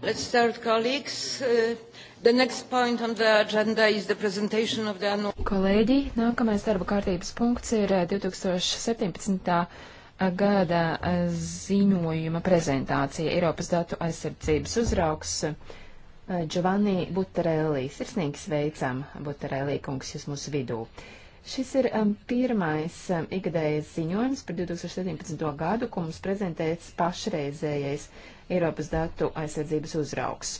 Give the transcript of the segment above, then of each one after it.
Let's start, colleagues. Uh, the next point on the agenda is the presentation of the annual... Kolēģi, nākamais darba kārtības punkts ir 2017. Uh, uh, gada uh, ziņojuma prezentācija Eiropas datu aizsardzības uzraugs Giovanni Buttarelli. Sirsnīgi sveicam, Buttarelli kungs, jūs mūsu vidū. Uh, Šis ir um, pirmais um, ikgadējais ziņojums par 2017. gadu, ko mums prezentēts pašreizējais Eiropas datu aizsardzības uzraugs.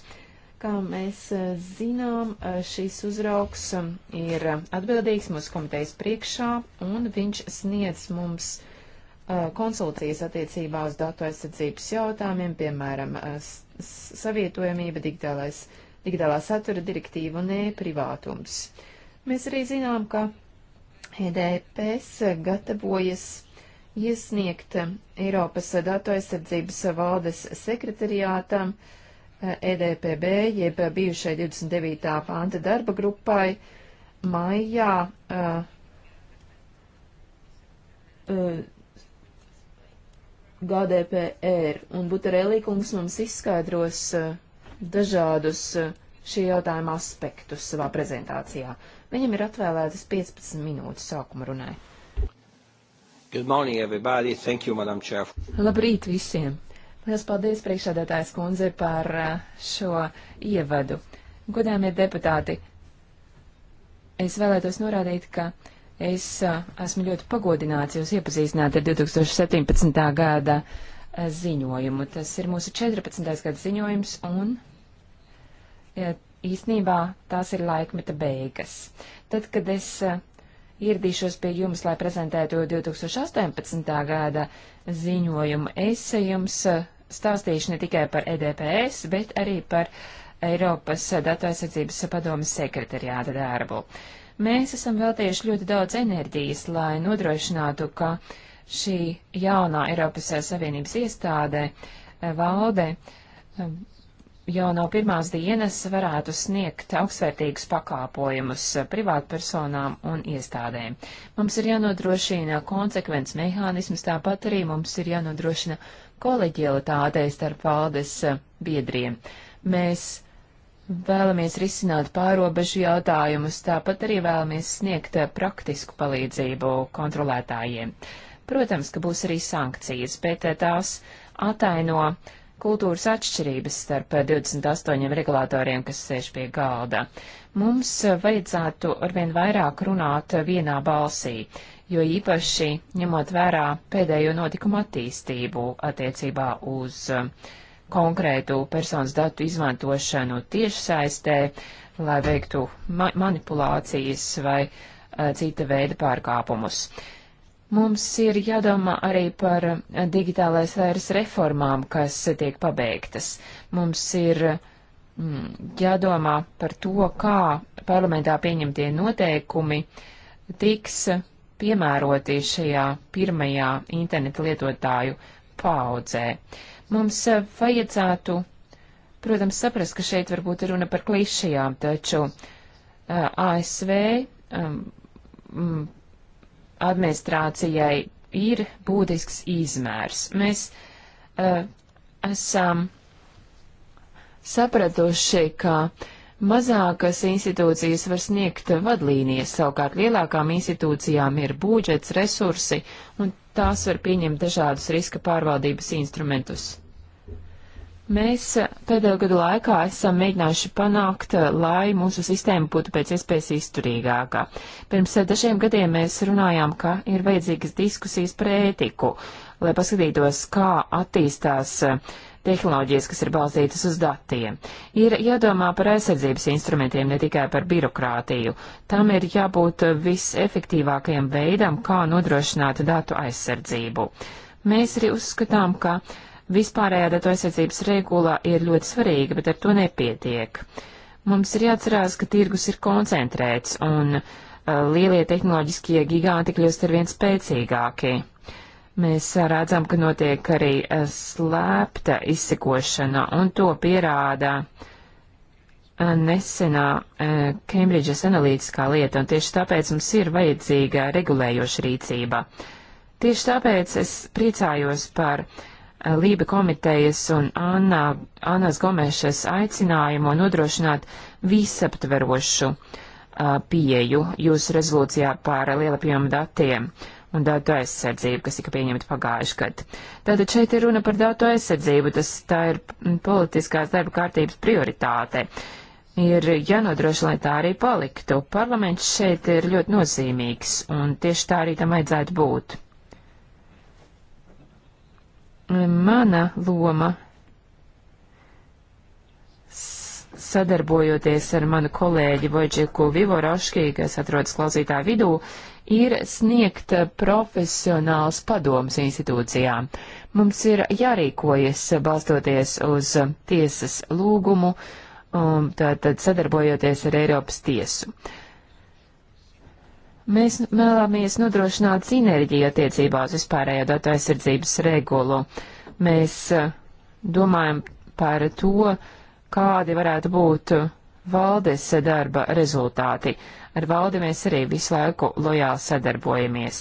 Kā mēs uh, zinām, uh, šīs uzraugs um, ir atbildīgs mūsu komitejas priekšā, un viņš sniedz mums uh, konsultācijas attiecībā uz datu aizsardzības jautājumiem, piemēram, uh, savietojamība, digitālā satura direktīva un e-privātums. Mēs arī zinām, ka EDPS gatavojas iesniegt Eiropas datu aizsardzības valdes sekretariātam EDPB, eh, e jeb bijušai 29. panta darba grupai, maijā uh, eh, uh, eh, GDPR, un Butarelī kungs mums izskaidros uh, dažādus šī jautājuma aspektus savā prezentācijā. Viņam ir atvēlētas 15 minūtes sākuma runai. Good morning, everybody. Thank you, Madam Chair. Labrīt visiem! Lielas paldies, priekšādātājs kundze, par uh, šo ievadu. Godāmie deputāti, es vēlētos norādīt, ka es uh, esmu ļoti pagodināts jūs iepazīstināt ar 2017. gada uh, ziņojumu. Tas ir mūsu 14. gada ziņojums un ja, īsnībā tās ir laikmeta beigas. Tad, kad es eh, ieradīšos pie jums, lai prezentētu 2018. gada ziņojumu, es jums eh, stāstīšu ne tikai par EDPS, bet arī par Eiropas datu aizsardzības padomas sekretariāta darbu. Mēs esam veltījuši ļoti daudz enerģijas, lai nodrošinātu, ka šī jaunā Eiropas Savienības iestādē eh, valde jau no pirmās dienas varētu sniegt augstvērtīgus pakāpojumus privātpersonām un iestādēm. Mums ir jānodrošina konsekvents mehānisms, tāpat arī mums ir jānodrošina koleģialitātei starp valdes biedriem. Mēs vēlamies risināt pārobežu jautājumus, tāpat arī vēlamies sniegt praktisku palīdzību kontrolētājiem. Protams, ka būs arī sankcijas, bet tās ataino kultūras atšķirības starp 28 regulātoriem, kas sēž pie galda. Mums vajadzētu arvien vairāk runāt vienā balsī, jo īpaši ņemot vērā pēdējo notikumu attīstību attiecībā uz um, konkrētu personas datu izmantošanu tiešsaistē, lai veiktu ma manipulācijas vai uh, cita veida pārkāpumus. Uh, Mums ir jādomā arī par digitālais vairs reformām, kas tiek pabeigtas. Mums ir mm, jādomā par to, kā parlamentā pieņemtie noteikumi tiks piemēroti šajā pirmajā interneta lietotāju paudzē. Mums vajadzētu, protams, saprast, ka šeit varbūt ir runa par klišajām, taču uh, eh, ASV um, mm, mm, administrācijai ir būtisks izmērs. Mēs uh, esam sapratuši, ka mazākas institūcijas var sniegt vadlīnijas, savukārt lielākām institūcijām ir budžets, resursi, un tās var pieņemt dažādus riska pārvaldības instrumentus. Mēs eh, pēdējo gadu laikā esam mēģinājuši panākt, eh, lai mūsu sistēma būtu pēc iespējas izturīgākā. Pirms eh, dažiem gadiem mēs runājām, ka ir vajadzīgas diskusijas par ētiku, lai paskatītos, kā attīstās tehnoloģijas, kas ir balstītas uz datiem. Ir jādomā par aizsardzības instrumentiem, ne tikai par birokrātiju. Tam ir jābūt visefektīvākajam veidam, kā nodrošināt datu aizsardzību. Mēs arī uzskatām, ka Vispārējā datu aizsardzības regula ir ļoti svarīga, bet ar to nepietiek. Mums ir jāatcerās, ka tirgus ir koncentrēts un uh, lielie tehnoloģiskie giganti kļūst ar vien spēcīgāki. Mēs uh, redzam, ka notiek arī uh, slēpta izsekošana, un to pierāda uh, nesenā Kembridžas uh, analītiskā lieta, un tieši tāpēc mums ir vajadzīga regulējoša rīcība. Tieši tāpēc es priecājos par uh, Lība komitejas un Anna, Annas Gomešas aicinājumu nodrošināt visaptverošu pieju jūsu rezolūcijā par lielapjomu datiem un datu aizsardzību, kas tika pieņemta pagājuši gadu. Tātad šeit ir runa par datu aizsardzību, tas tā ir politiskās darba kārtības prioritāte. Ir jānodrošina, lai tā arī paliktu. Parlaments šeit ir ļoti nozīmīgs, un tieši tā arī tam vajadzētu būt mana loma sadarbojoties ar manu kolēģi Vojčeku Vivoraškī, kas atrodas klausītāju vidū, ir sniegt profesionāls padoms institūcijām. Mums ir jārīkojas balstoties uz tiesas lūgumu, um, tātad sadarbojoties ar Eiropas tiesu. Uh, Mēs vēlamies nodrošināt sinerģiju attiecībā uz vispārējo datu aizsardzības regulu. Mēs eh, domājam par to, kādi varētu būt valdes darba rezultāti. Ar valdi mēs arī visu laiku lojāli sadarbojamies.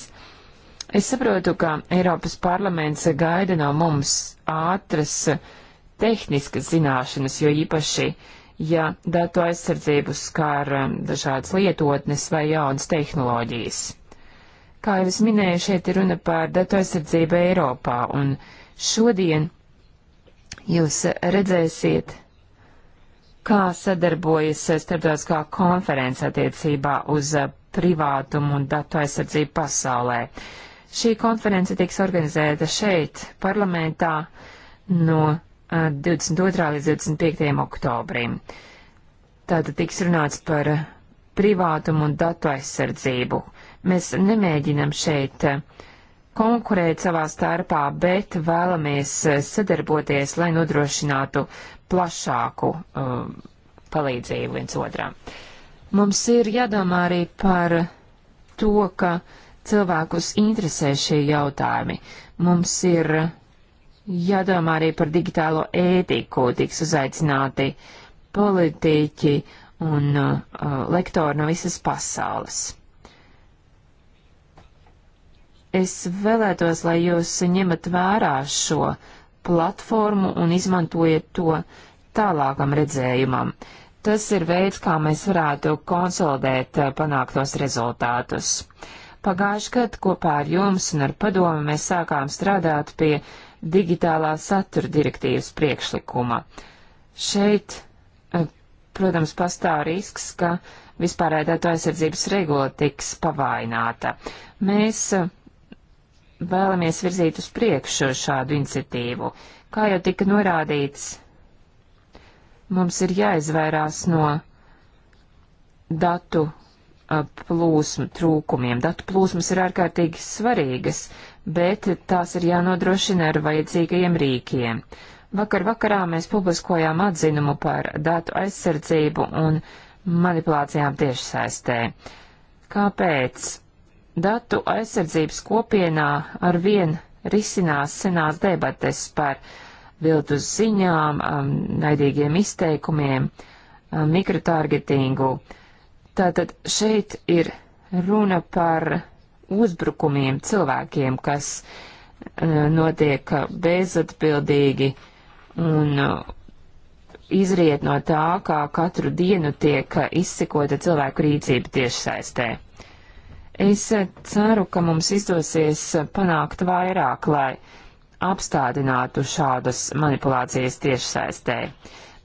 Es saprotu, ka Eiropas parlaments gaida no mums ātras tehniskas zināšanas, jo īpaši uh, ja datu aizsardzību skār um, dažādas lietotnes vai jaunas tehnoloģijas. Kā jau es minēju, šeit ir runa par datu aizsardzību Eiropā, un šodien jūs redzēsiet, kā sadarbojas starptautiskā konference attiecībā uz uh, privātumu un datu aizsardzību pasaulē. Šī konference tiks organizēta šeit, parlamentā, no 22. līdz 25. oktobrim. Tātad tiks runāts par privātumu un datu aizsardzību. Mēs nemēģinam šeit konkurēt savā starpā, bet vēlamies sadarboties, lai nodrošinātu plašāku um, palīdzību viens otram. Mums ir jādomā arī par to, ka cilvēkus interesē šie jautājumi. Mums ir Jādomā arī par digitālo ētiku, tiks uzaicināti politiķi un uh, lektori no visas pasaules. Es vēlētos, lai jūs ņemat vērā šo platformu un izmantojat to tālākam redzējumam. Tas ir veids, kā mēs varētu konsolidēt uh, panāktos rezultātus. Pagājuši gadu kopā ar jums un ar padomu mēs sākām strādāt pie digitālā satura direktīvas priekšlikuma. Šeit, eh, protams, pastāv risks, ka vispārēj datu aizsardzības regula tiks pavaināta. Mēs eh, vēlamies virzīt uz priekšu šādu iniciatīvu. Kā jau tika norādīts, mums ir jāizvairās no datu eh, plūsmu trūkumiem. Datu plūsmas ir ārkārtīgi svarīgas bet tās ir jānodrošina ar vajadzīgajiem rīkiem. Vakar vakarā mēs publiskojām atzinumu par datu aizsardzību un manipulācijām tiešsaistē. Kāpēc? Datu aizsardzības kopienā ar vien risinās senās debates par viltus ziņām, um, naidīgiem izteikumiem, um, mikrotargetingu. Tātad šeit ir runa par uzbrukumiem cilvēkiem, kas e, notiek bezatbildīgi un e, izriet no tā, kā katru dienu tiek izsekota cilvēku rīcība tiešsaistē. Es e, ceru, ka mums izdosies panākt vairāk, lai apstādinātu šādas manipulācijas tiešsaistē.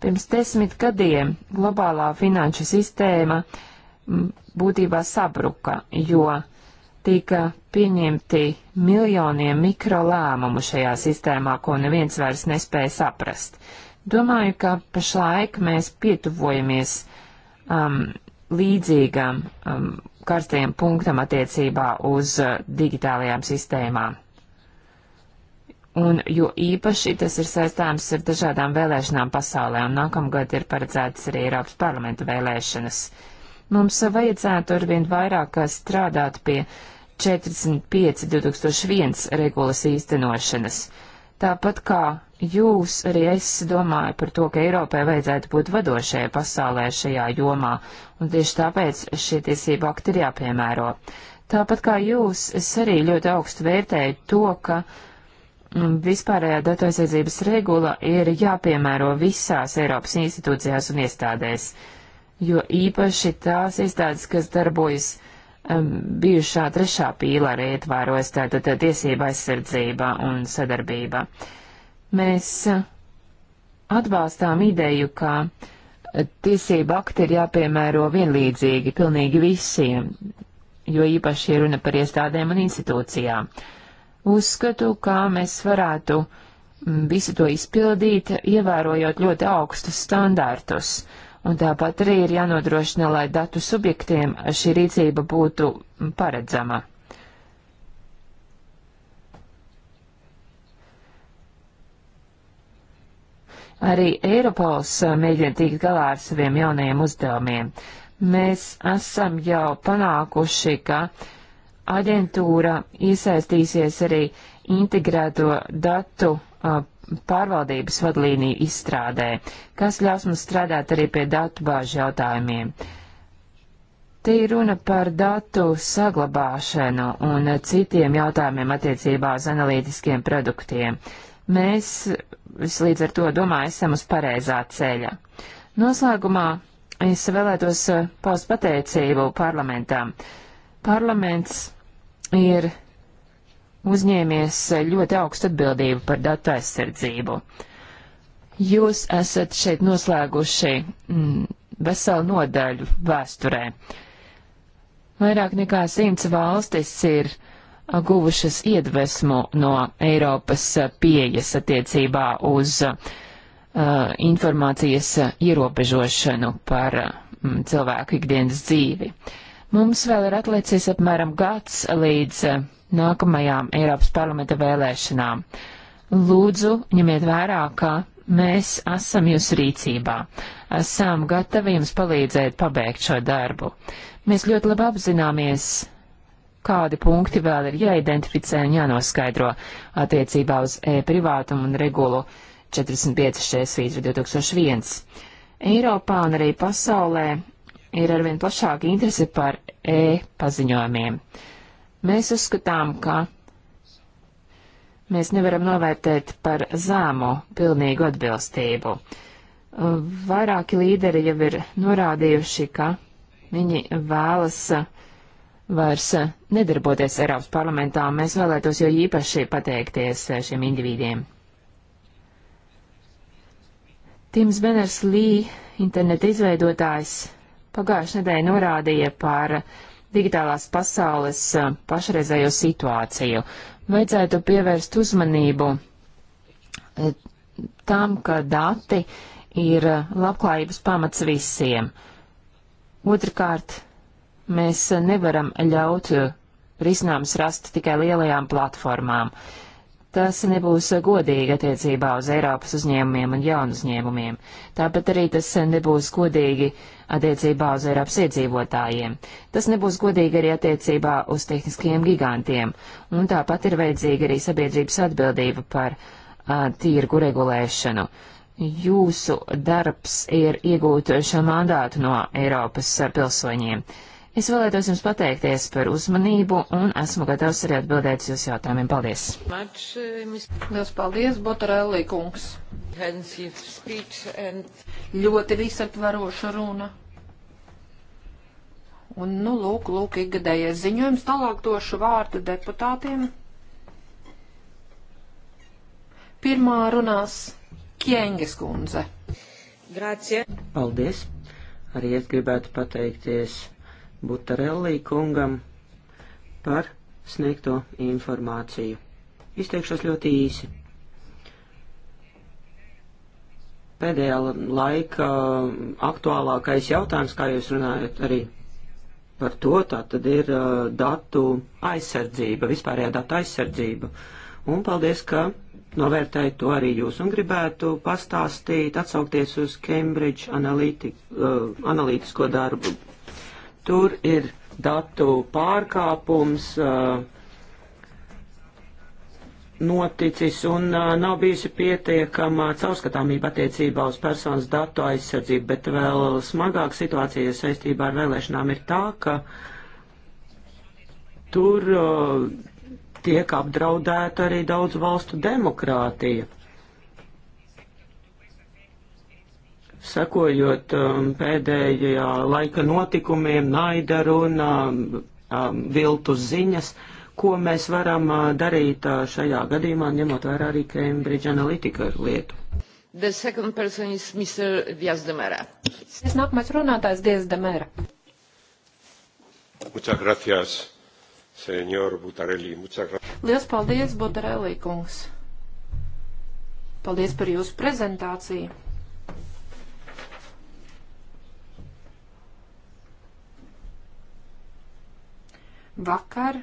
Pirms desmit gadiem globālā finanšu sistēma būtībā sabruka, jo uh, tika pieņemti miljoniem mikro lēmumu šajā sistēmā, ko neviens vairs nespēja saprast. Domāju, ka pašlaik mēs pietuvojamies um, līdzīgam um, karstajam punktam attiecībā uz uh, digitālajām sistēmām. Un jo īpaši tas ir saistāms ar dažādām vēlēšanām pasaulē, un nākamgad ir paredzētas arī Eiropas parlamenta vēlēšanas mums vajadzētu arvien vairāk uh, strādāt pie 45 2001 regulas īstenošanas. Tāpat kā jūs, arī es domāju par to, ka Eiropai vajadzētu būt vadošajai pasaulē šajā jomā, un tieši tāpēc šie tiesību akti ir jāpiemēro. Tāpat kā jūs, es arī ļoti augstu vērtēju to, ka mm, vispārējā datu aizsardzības regula ir jāpiemēro visās Eiropas institūcijās un iestādēs, jo īpaši tās iestādes, kas darbojas bijušā trešā pīlāra ietvēros tātad tiesība aizsardzība un sadarbība. Mēs eh, atbalstām ideju, ka eh, tiesība akti ir jāpiemēro vienlīdzīgi pilnīgi visiem, jo īpaši ir runa par iestādēm un institūcijām. Uzskatu, kā mēs varētu visu to izpildīt, ievērojot ļoti augstus standārtus. Uh, Un tāpat arī ir jānodrošina, lai datu subjektiem šī rīcība būtu paredzama. Arī Eiropols mēģina tikt galā ar saviem jaunajiem uzdevumiem. Mēs esam jau panākuši, ka aģentūra iesaistīsies arī integrēto datu pārvaldības vadlīniju izstrādē, kas ļaus mums strādāt arī pie datu bāžu jautājumiem. Te ir runa par datu saglabāšanu un citiem jautājumiem attiecībā uz analītiskiem produktiem. Mēs līdz ar to domāju esam uz pareizā ceļa. Noslēgumā es vēlētos paust pateicību parlamentam. Parlaments ir uzņēmies ļoti augstu atbildību par datu aizsardzību. Jūs esat šeit noslēguši mm, veselu nodaļu vēsturē. Vairāk nekā simts valstis ir guvušas iedvesmu no Eiropas pieejas attiecībā uz uh, informācijas ierobežošanu par uh, cilvēku ikdienas dzīvi. Uh, Mums vēl ir atlicis apmēram gads līdz eh, nākamajām Eiropas parlamenta vēlēšanām. Lūdzu, ņemiet vērā, ka mēs esam jūsu rīcībā, esam gatavi jums palīdzēt pabeigt šo darbu. Mēs ļoti labi apzināmies, kādi punkti vēl ir jāidentificē un jānoskaidro attiecībā uz e-privātumu un regulu 45.6.2001. Eiropā un arī pasaulē ir arvien plašāka interese par e-paziņojumiem. Mēs uzskatām, ka mēs nevaram novērtēt par zēmu pilnīgu atbilstību. Vairāki līderi jau ir norādījuši, ka viņi vēlas vairs nedarboties Eiropas parlamentā, un mēs vēlētos jau īpaši pateikties šiem individiem. Tims Beners Lī, interneta izveidotājs, pagājušajā nedēļā norādīja par digitālās pasaules pašreizējo situāciju. Vajadzētu pievērst uzmanību e, tam, ka dati ir labklājības pamats visiem. Otrakārt, mēs nevaram ļaut risinājums rast tikai lielajām platformām. Uh, Tas nebūs godīgi attiecībā uz Eiropas uzņēmumiem un jaunu uzņēmumiem. Tāpat arī tas nebūs godīgi attiecībā uz Eiropas iedzīvotājiem. Tas nebūs godīgi arī attiecībā uz tehniskajiem gigantiem. Un tāpat ir vajadzīga arī sabiedrības atbildība par a, tīrgu regulēšanu jūsu darbs ir iegūt šo mandātu no Eiropas pilsoņiem. Es vēlētos jums pateikties par uzmanību un esmu gatavs arī atbildēt uz jūsu jautājumiem. Paldies! Lielas paldies, Botarelli kungs! Ļoti visaptvaroša runa. Un, nu, lūk, lūk, ikgadējais ziņojums tālāk došu vārdu deputātiem. Pirmā runās Kjēnges kundze. Grācie. Paldies. Arī es gribētu pateikties Butarellī kungam par sniegto informāciju. Izteikšos ļoti īsi. Pēdējā laika aktuālākais jautājums, kā jūs runājat arī par to, tā tad ir uh, datu aizsardzība, vispārējā datu aizsardzība. Un paldies, ka novērtēju to arī jūs un gribētu pastāstīt, atsaukties uz Cambridge analīti, uh, analītisko darbu Tur ir datu pārkāpums uh, noticis un uh, nav bijusi pietiekama caurskatāmība attiecībā uz personas datu aizsardzību, bet vēl smagāk situācija saistībā ar vēlēšanām ir tā, ka tur uh, tiek apdraudēta arī daudz valstu demokrātija. sekojot um, pēdējā laika notikumiem, naida runā, um, viltus ziņas, ko mēs varam uh, darīt uh, šajā gadījumā, ņemot vērā arī Cambridge Analytica lietu. The second person is Mr. Diaz de Mera. Es nākamais runātājs Diaz de Mera. Muchas gracias, señor Butarelli. Muchas gracias. Lielas paldies, Butarelli kungs. Paldies par jūsu prezentāciju. vakar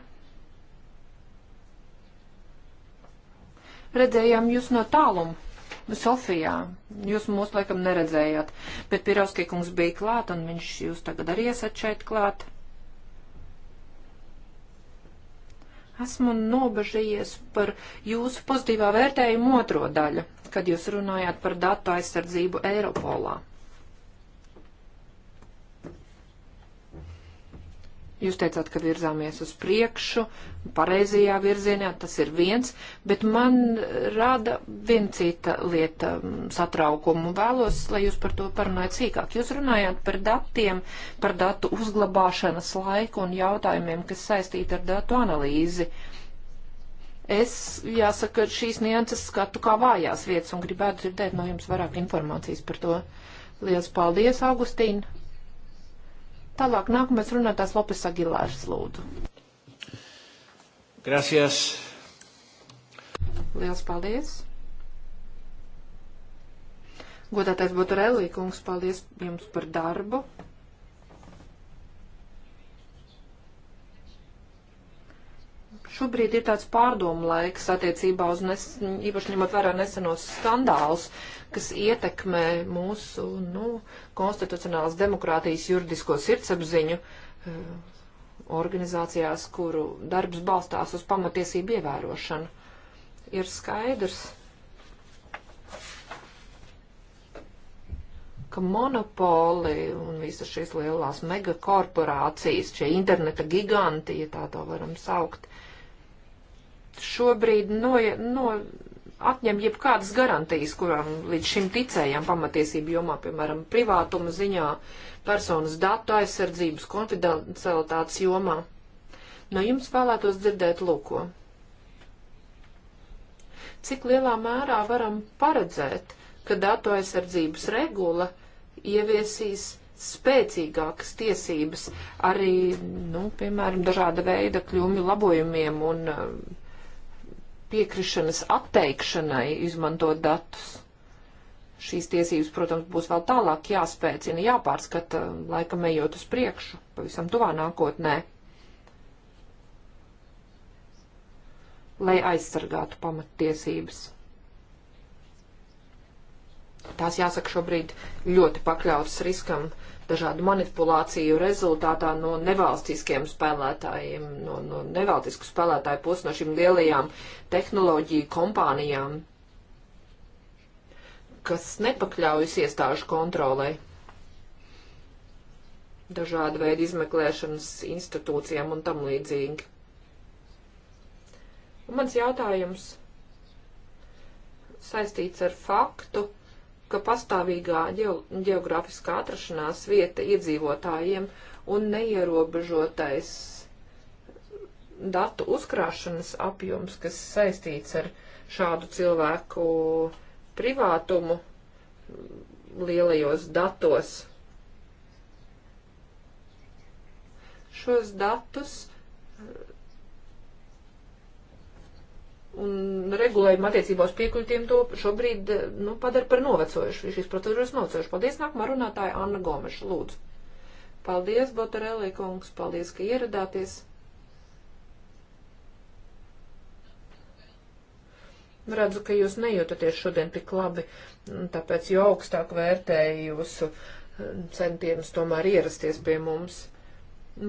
redzējām jūs no tāluma. Sofijā. Jūs mūs laikam neredzējāt, bet Pirovskij kungs bija klāt, un viņš jūs tagad arī esat šeit klāt. Esmu nobežījies par jūsu pozitīvā vērtējumu otro daļu, kad jūs runājāt par datu aizsardzību Eiropolā. Jūs teicāt, ka virzāmies uz priekšu, pareizajā virzienā, tas ir viens, bet man rada viena cita lieta mm, satraukumu. Vēlos, lai jūs par to parunājat sīkāk. Jūs runājāt par datiem, par datu uzglabāšanas laiku un jautājumiem, kas saistīti ar datu analīzi. Es jāsaka, šīs nianses skatu kā vājās vietas un gribētu dzirdēt no jums vairāk informācijas par to. Lielas paldies, Augustīna! Tālāk nākamais runātājs Lopes Agilārs lūdzu. Gracias. Liels paldies. Godātais būtu Relī kungs, paldies jums par darbu. Šobrīd ir tāds pārdomu laiks attiecībā uz, nes, īpaši ņemot vērā nesenos skandālus, kas ietekmē mūsu nu, konstitucionālas demokrātijas juridisko sirdsapziņu eh, organizācijās, kuru darbs balstās uz pamatiesību ievērošanu. Ir skaidrs, ka monopoli un visas šīs lielās megakorporācijas, šie interneta giganti, ja tā to varam saukt, šobrīd no, no, atņem jebkādas garantijas, kurām līdz šim ticējām pamatiesību jomā, piemēram, privātuma ziņā, personas datu aizsardzības, konfidencialitātes jomā. No nu, jums vēlētos dzirdēt lūko. Cik lielā mērā varam paredzēt, ka datu aizsardzības regula ieviesīs spēcīgākas tiesības arī, nu, piemēram, dažāda veida kļūmi labojumiem un uh, piekrišanas atteikšanai izmantot datus. Šīs tiesības, protams, būs vēl tālāk jāspēcina, jāpārskata, laikam ejot uz priekšu, pavisam tuvā nākotnē, lai aizsargātu pamattiesības. Tās jāsaka šobrīd ļoti pakļautas riskam dažādu manipulāciju rezultātā no nevalstiskiem spēlētājiem, no, no nevalstisku spēlētāju puses, no šīm lielajām tehnoloģiju kompānijām, kas nepakļaujas iestāžu kontrolē. Dažāda veida izmeklēšanas institūcijām un tam līdzīgi. Un mans jautājums saistīts ar faktu, ka pastāvīgā geogrāfiskā atrašanās vieta iedzīvotājiem un neierobežotais datu uzkrāšanas apjoms, kas saistīts ar šādu cilvēku privātumu lielajos datos. Šos datus un regulējumu attiecībā uz piekļūtiem to šobrīd nu, padara par novecojušu. Šīs procedūras novecojušas. Paldies, nākamā runātāja Anna Gomeša, lūdzu. Paldies, Botarelli kungs, paldies, ka ieradāties. Redzu, ka jūs nejūtaties šodien tik labi, tāpēc jau augstāk vērtēju jūsu um, centienus tomēr ierasties pie mums.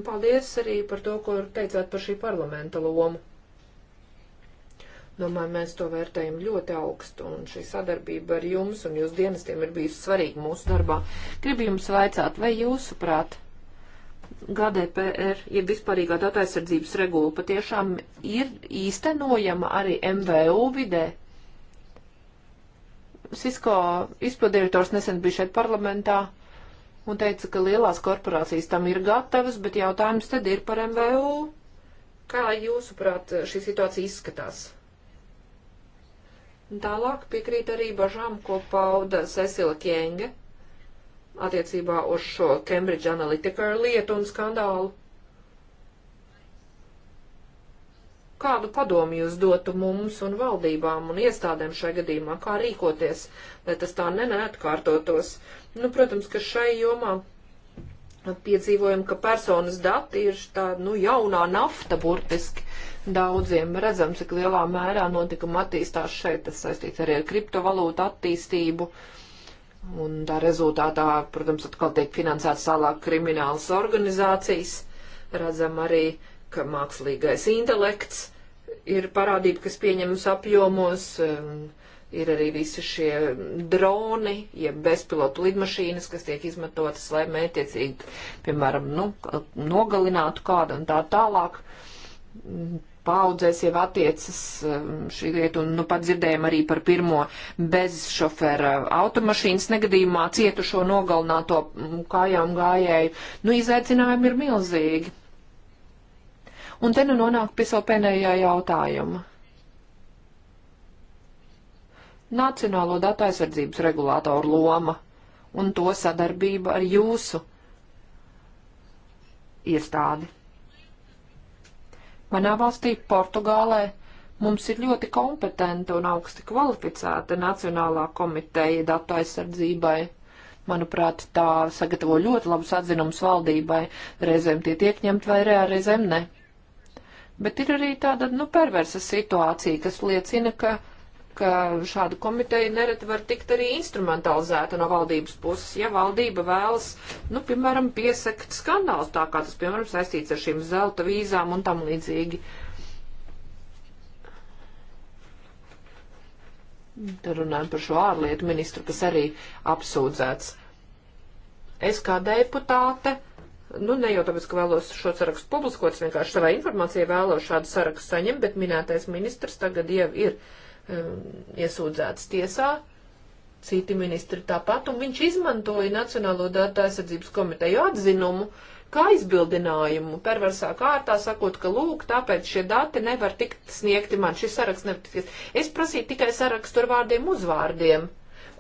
Paldies arī par to, ko teicāt par šī parlamenta lomu. Domāju, mēs to vērtējam ļoti augstu, un šī sadarbība ar jums un jūsu dienestiem ir bijusi svarīga mūsu darbā. Gribu jums vaicāt, vai jūsuprāt, GDPR, jeb vispārīgā datu aizsardzības regula, patiešām ir īstenojama arī MVU vidē? Sisko izpildirektors nesen bija šeit parlamentā un teica, ka lielās korporācijas tam ir gatavas, bet jautājums tad ir par MVU. Kā jūsuprāt šī situācija izskatās? Un tālāk piekrīt arī bažām, ko pauda Cecila Kjenge attiecībā uz šo Cambridge Analytica lietu un skandālu. Kādu padomu jūs dotu mums un valdībām un iestādēm šai gadījumā, kā rīkoties, lai tas tā neatkārtotos? Nu, protams, ka šai jomā piedzīvojam, ka personas dati ir tā, nu, jaunā nafta burtiski daudziem. Redzam, cik lielā mērā notikuma attīstās šeit, tas saistīts arī ar kriptovalūtu attīstību. Un tā rezultātā, protams, atkal tiek finansēts tālāk kriminālas organizācijas. Redzam arī, ka mākslīgais intelekts ir parādība, kas pieņemas apjomos. Um, ir arī visi šie droni, jeb bezpilotu lidmašīnas, kas tiek izmantotas, lai mētiecīgi, piemēram, nu, nogalinātu kādu un tā tālāk paudzēs jau attiecas um, šī lieta, un nu pat dzirdējām arī par pirmo bezšofera automašīnas negadījumā cietušo nogalināto mm, kājām gājēju. Nu, izaicinājumi ir milzīgi. Un te nu nonāk pie savu pēdējā jautājuma. Nacionālo datu aizsardzības regulātoru loma un to sadarbība ar jūsu iestādi. Manā valstī, Portugālē, mums ir ļoti kompetenta un augsti kvalificēta Nacionālā komiteja datu aizsardzībai. Manuprāt, tā sagatavo ļoti labus atzinumus valdībai, reizēm tie tiek ņemt vērā, reizēm ne. Bet ir arī tāda, nu, perversa situācija, kas liecina, ka ka šāda komiteja nereti var tikt arī instrumentalizēta no valdības puses, ja valdība vēlas, nu, piemēram, piesakt skandāls, tā kā tas, piemēram, saistīts ar šīm zelta vīzām un tam līdzīgi. Te runājam par šo ārlietu ministru, kas arī apsūdzēts. Es kā deputāte nu, ne jau tāpēc, ka vēlos šo sarakstu publiskot, vienkārši savai informācijai vēlos šādu sarakstu saņemt, bet minētais ministrs tagad jau ir Um, iesūdzēts tiesā, citi ministri tāpat, un viņš izmantoja Nacionālo datu aizsardzības komiteju atzinumu kā izbildinājumu perversā kārtā, sakot, ka lūk, tāpēc šie dati nevar tikt sniegti man, šis saraksts nevar tikt. Es prasīju tikai sarakstu ar vārdiem uzvārdiem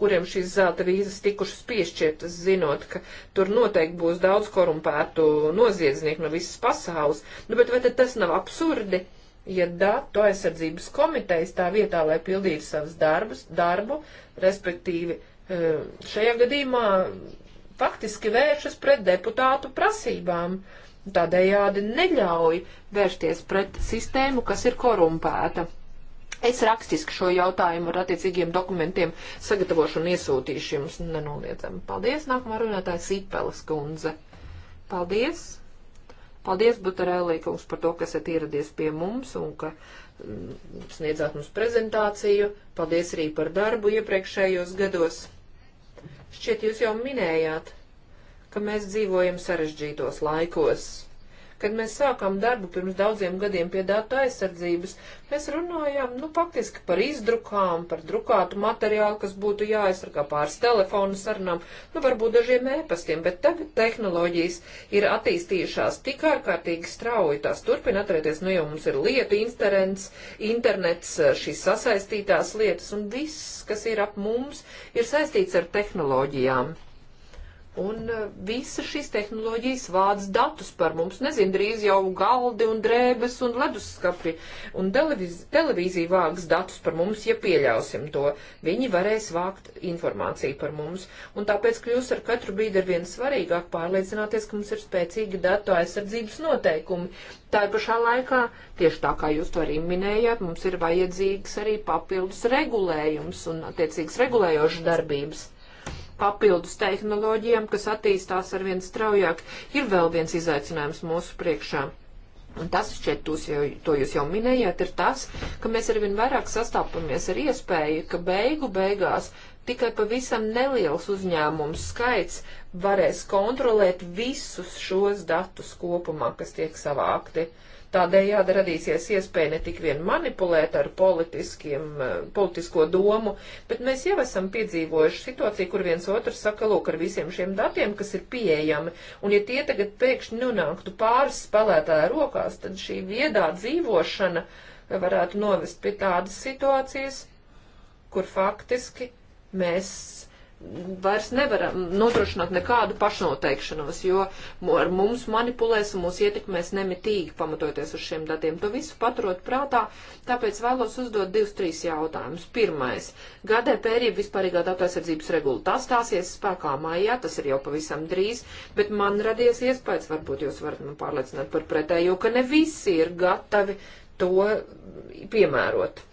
kuriem šīs zelta vīzas tikušas piešķirtas, zinot, ka tur noteikti būs daudz korumpētu noziedznieku no visas pasaules. Nu, bet vai tad tas nav absurdi? Uh, ja datu aizsardzības komitejas tā vietā, lai pildītu savus darbus, darbu, respektīvi e, šajā gadījumā faktiski vēršas pret deputātu prasībām. Tādējādi neļauj vērsties pret sistēmu, kas ir korumpēta. Es rakstiski šo jautājumu ar attiecīgiem dokumentiem sagatavošu un iesūtīšu jums nenoliedzami. Paldies, nākamā runātāja Sīpeles kundze. Paldies! Paldies, Butarēlī, kungs, par to, ka esat ieradies pie mums un ka mm, sniedzāt mums prezentāciju. Paldies arī par darbu iepriekšējos gados. Šķiet, jūs jau minējāt, ka mēs dzīvojam sarežģītos laikos Kad mēs sākām darbu pirms daudziem gadiem pie datu aizsardzības, mēs runājām, nu, faktiski par izdrukām, par drukātu materiālu, kas būtu jāaizsargā pāris telefonu sarunām, nu, varbūt dažiem ēpastiem, bet tagad tehnoloģijas ir attīstījušās tik ārkārtīgi strauji, tās turpina atrēties, nu, jau mums ir lietu internets, internets, šīs sasaistītās lietas, un viss, kas ir ap mums, ir saistīts ar tehnoloģijām. Un e, visas šīs tehnoloģijas vāc datus par mums. Nezinu, drīz jau galdi un drēbes un leduskapi un televiz televīzija vāks datus par mums, ja pieļausim to. Viņi varēs vākt informāciju par mums. Un tāpēc kļūs ar katru brīdi ar vien svarīgāk pārliecināties, ka mums ir spēcīgi datu aizsardzības noteikumi. Tā ir pašā laikā, tieši tā kā jūs to arī minējāt, mums ir vajadzīgs arī papildus regulējums un attiecīgs regulējošas darbības papildus tehnoloģijām, kas attīstās ar vien straujāk, ir vēl viens izaicinājums mūsu priekšā. Un tas, šķiet, tūs jau, to jūs jau minējāt, ir tas, ka mēs arvien vairāk sastopamies ar iespēju, ka beigu beigās tikai pavisam neliels uzņēmumu skaits varēs kontrolēt visus šos datus kopumā, kas tiek savākti. Uh, Tādējādi radīsies iespēja ne tik vien manipulēt ar eh, politisko domu, bet mēs jau esam piedzīvojuši situāciju, kur viens otrs saka, lūk, ar visiem šiem datiem, kas ir pieejami, un ja tie tagad pēkšņi nonāktu pāris spēlētāju rokās, tad šī viedā dzīvošana varētu novest pie tādas situācijas, kur faktiski mēs vairs nevaram nodrošināt nekādu pašnoteikšanos, jo ar mums manipulēs un mūs ietekmēs nemitīgi pamatoties uz šiem datiem. To visu paturot prātā, tāpēc vēlos uzdot divus, trīs jautājumus. Pirmais. GDPR ir vispārīgā datu aizsardzības regula. Tā stāsies spēkā mājā, tas ir jau pavisam drīz, bet man radies iespējas, varbūt jūs varat man pārliecināt par pretējo, ka ne visi ir gatavi to piemērot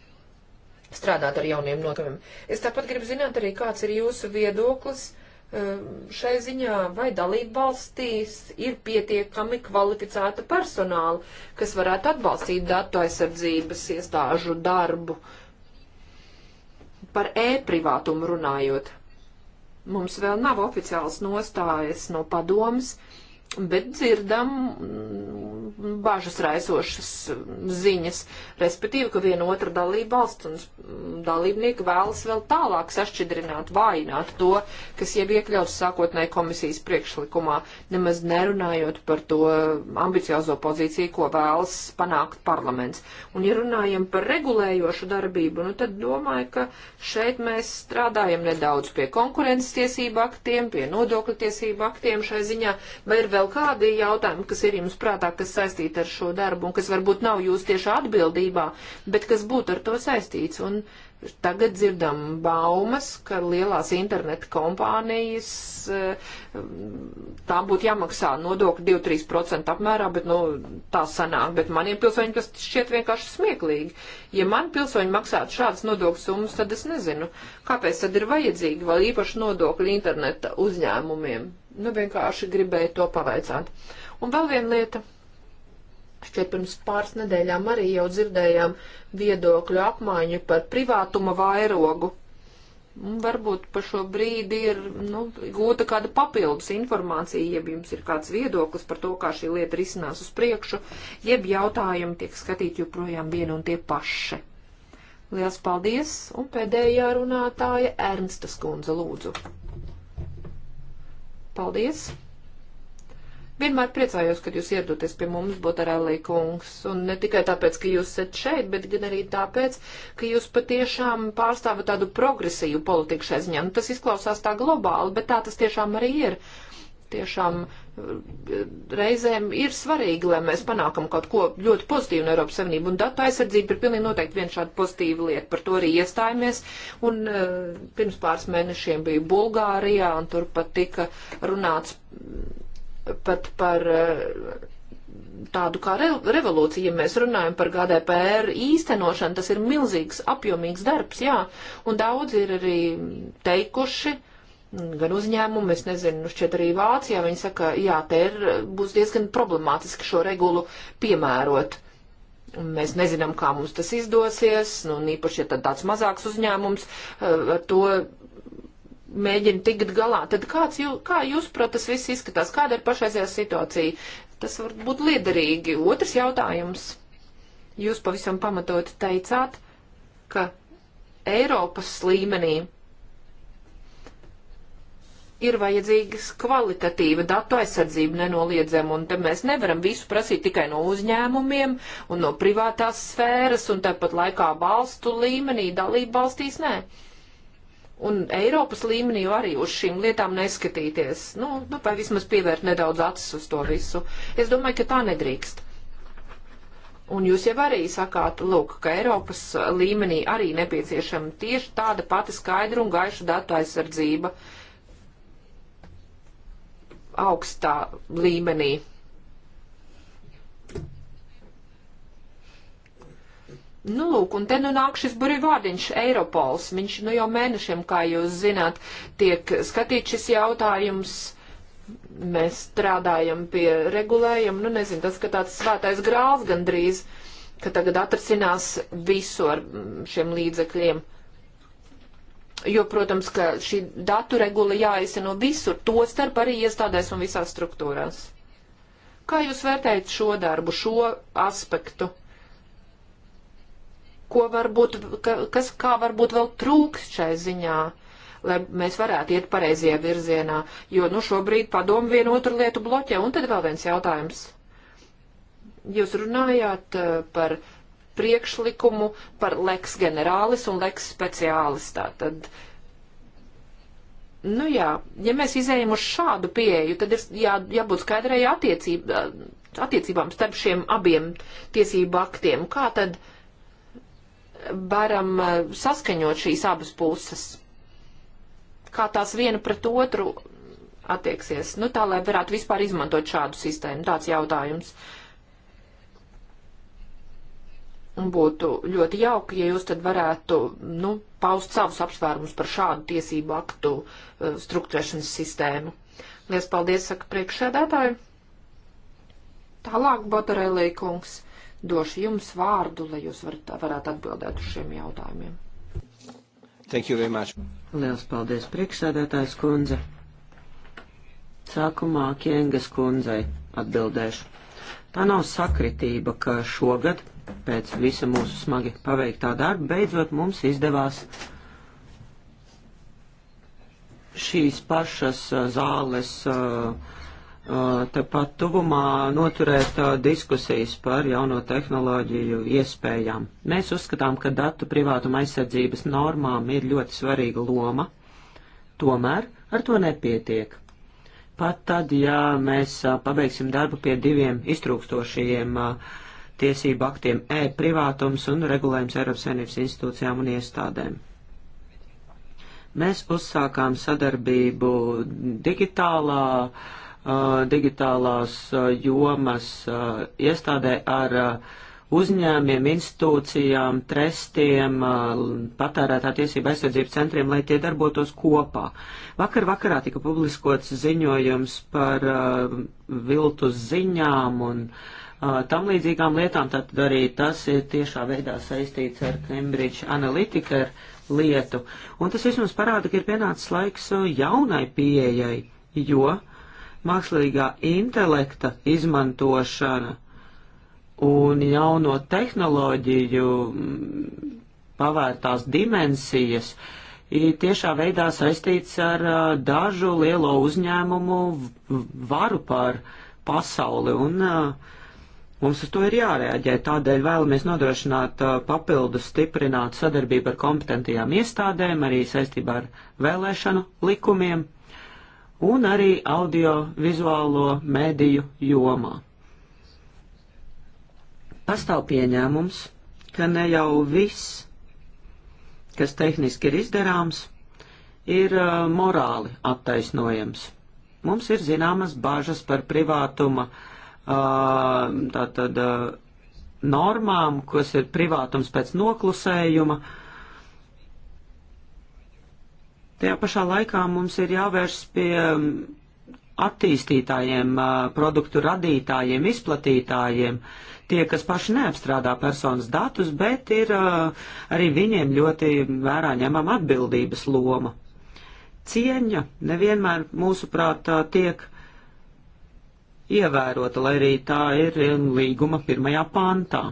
strādāt ar jauniem notikumiem. Es tāpat gribu zināt arī, kāds ir jūsu viedoklis um, šai ziņā, vai dalība valstīs ir pietiekami kvalificēta personāla, kas varētu atbalstīt datu aizsardzības iestāžu darbu. Par e-privātumu runājot, mums vēl nav oficiāls nostājas no padomas, bet dzirdam bažas raisošas mm, ziņas, respektīvi, ka viena otra dalība valsts un mm, dalībnieki vēlas vēl tālāk sašķidrināt, vājināt to, kas jau iekļauts sākotnēji komisijas priekšlikumā, nemaz nerunājot par to ambiciozo pozīciju, ko vēlas panākt parlaments. Un, ja runājam par regulējošu darbību, nu tad domāju, ka šeit mēs strādājam nedaudz pie konkurences tiesību aktiem, pie nodokļu tiesību aktiem šai ziņā, vai ir vēl kādi jautājumi, kas ir jums prātā, kas saistīti ar šo darbu un kas varbūt nav jūs tieši atbildībā, bet kas būtu ar to saistīts. Un tagad dzirdam baumas, ka lielās interneta kompānijas eh, tām būtu jāmaksā nodokļi 2-3% apmērā, bet nu, tā sanāk. Bet maniem pilsoņiem tas šķiet vienkārši smieklīgi. Ja man pilsoņi maksātu šādas nodokļu summas, tad es nezinu, kāpēc tad ir vajadzīgi vēl īpaši nodokļi interneta uzņēmumiem. Nu, vienkārši gribēju to pavaicāt. Un vēl viena lieta. Šķiet, pirms pāris nedēļām arī jau dzirdējām viedokļu apmaiņu par privātuma vairogu. Un varbūt pa šo brīdi ir nu, gūta kāda papildus informācija, jeb jums ir kāds viedoklis par to, kā šī lieta risinās uz priekšu, jeb jautājumi tiek skatīti joprojām vienu un tie paši. Liels paldies, un pēdējā runātāja Ernsta Skundze lūdzu. Paldies! Vienmēr priecājos, kad jūs ieradoties pie mums, Botarelī kungs, un ne tikai tāpēc, ka jūs esat šeit, bet gan arī tāpēc, ka jūs patiešām pārstāvat tādu progresīvu politiku šai ziņā. Nu, tas izklausās tā globāli, bet tā tas tiešām arī ir. Tiešām eh, reizēm ir svarīgi, lai mēs panākam kaut ko ļoti pozitīvu no Eiropas Savienību, un datu aizsardzība ir pilnīgi noteikti viena šāda pozitīva lieta. Par to arī iestājāmies, un uh, pirms pāris mēnešiem biju Bulgārijā, un tur pat tika runāts pat par eh, tādu kā re, revolūciju, ja mēs runājam par GDPR īstenošanu, tas ir milzīgs, apjomīgs darbs, jā, un daudz ir arī teikuši, gan uzņēmumi, es nezinu, šķiet arī Vācijā, viņi saka, jā, te ir, būs diezgan problemātiski šo regulu piemērot. Mēs nezinām, kā mums tas izdosies, nu, īpaši, ja tad tāds mazāks uzņēmums eh, ar to mēģina tikt galā. Tad kāds jū, kā jūs, prot, tas viss izskatās? Kāda ir pašreizējā situācija? Tas var būt liederīgi. Otrs jautājums. Jūs pavisam pamatot teicāt, ka Eiropas līmenī ir vajadzīgas kvalitatīva datu aizsardzība nenoliedzama, un te mēs nevaram visu prasīt tikai no uzņēmumiem un no privātās sfēras, un tāpat laikā valstu līmenī dalību valstīs nē. Ne un Eiropas līmenī arī uz šīm lietām neskatīties, nu, nu vai vismaz pievērt nedaudz acis uz to visu. Es domāju, ka tā nedrīkst. Un jūs jau arī sakāt, lūk, ka Eiropas uh, līmenī arī nepieciešama tieši tāda pati skaidra un gaiša datu aizsardzība augstā līmenī. Nu, lūk, un te nu nāk šis burvārdiņš Eiropols. Viņš nu jau mēnešiem, kā jūs zināt, tiek skatīt šis jautājums. Mēs strādājam pie regulējuma, nu nezinu, tas, ka tāds svētais grāls gandrīz, ka tagad atrasinās visu ar šiem līdzekļiem. Jo, protams, ka šī datu regula jāizseno visur, to starp arī iestādēs un visās struktūrās. Kā jūs vērtējat šo darbu, šo aspektu? ko varbūt, ka, kas, kā varbūt vēl trūks šai ziņā, lai mēs varētu iet pareizajā virzienā, jo, nu, šobrīd padomu vienu otru lietu bloķē. Un tad vēl viens jautājums. Jūs runājāt eh, par priekšlikumu par leks generālis un leks speciālis. Tātad, nu jā, ja mēs izējam uz šādu pieeju, tad ir jā, jābūt skaidrai attiecībā, attiecībām starp šiem abiem tiesību aktiem. Kā tad uh, varam eh, saskaņot šīs abas puses. Kā tās viena pret otru attieksies, nu tā, lai varētu vispār izmantot šādu sistēmu, tāds jautājums. Būtu ļoti jauki, ja jūs tad varētu, nu, paust savus apsvērumus par šādu tiesību aktu eh, struktūrēšanas sistēmu. Lies paldies, saka priekšsēdētāji. Tālāk, Botarelī kungs došu jums vārdu, lai jūs varat, varētu atbildēt uz šiem jautājumiem. Thank you very much. Liels paldies, priekšsēdētājs kundze. Sākumā Kiengas kundzei atbildēšu. Tā nav sakritība, ka šogad pēc visa mūsu smagi paveiktā darba beidzot mums izdevās šīs pašas uh, zāles uh, tepat tuvumā noturēt diskusijas par jauno tehnoloģiju iespējām. Mēs uzskatām, ka datu privātuma aizsardzības normām ir ļoti svarīga loma, tomēr ar to nepietiek. Pat tad, ja mēs pabeigsim darbu pie diviem iztrūkstošajiem tiesību aktiem - e-privātums un regulējums Eiropas Savienības institūcijām un iestādēm. Mēs uzsākām sadarbību digitālā uh, digitālās jomas iestādē ar uzņēmiem, institūcijām, trestiem, patērētā tiesība aizsardzības centriem, lai tie darbotos kopā. Vakar vakarā tika publiskots ziņojums par viltus ziņām un tam līdzīgām lietām, tad arī tas ir tiešā veidā saistīts ar Cambridge Analytica lietu. Un tas viss mums parāda, ka ir pienācis laiks jaunai pieejai, jo uh, mākslīgā intelekta izmantošana un jauno tehnoloģiju mm, pavērtās dimensijas ir tiešā veidā saistīts ar dažu lielo uzņēmumu varu pār pasauli, un mums uz to ir jārēģē. Tādēļ vēlamies nodrošināt papildus stiprināt sadarbību ar kompetentajām iestādēm, arī saistībā ar vēlēšanu likumiem un arī audio-vizuālo mediju jomā. Pastāv pieņēmums, ka ne jau viss, kas tehniski ir izdarāms, ir uh, morāli attaisnojams. Mums ir zināmas bažas par privātuma uh, tātad, uh, normām, kas ir privātums pēc noklusējuma, uh, Tajā pašā laikā mums ir jāvērst pie um, attīstītājiem, uh, produktu radītājiem, izplatītājiem, tie, kas paši neapstrādā personas datus, bet ir uh, arī viņiem ļoti vērā ņemama atbildības loma. Cieņa nevienmēr, mūsuprāt, uh, tiek ievērota, lai arī tā ir um, līguma pirmajā pantā.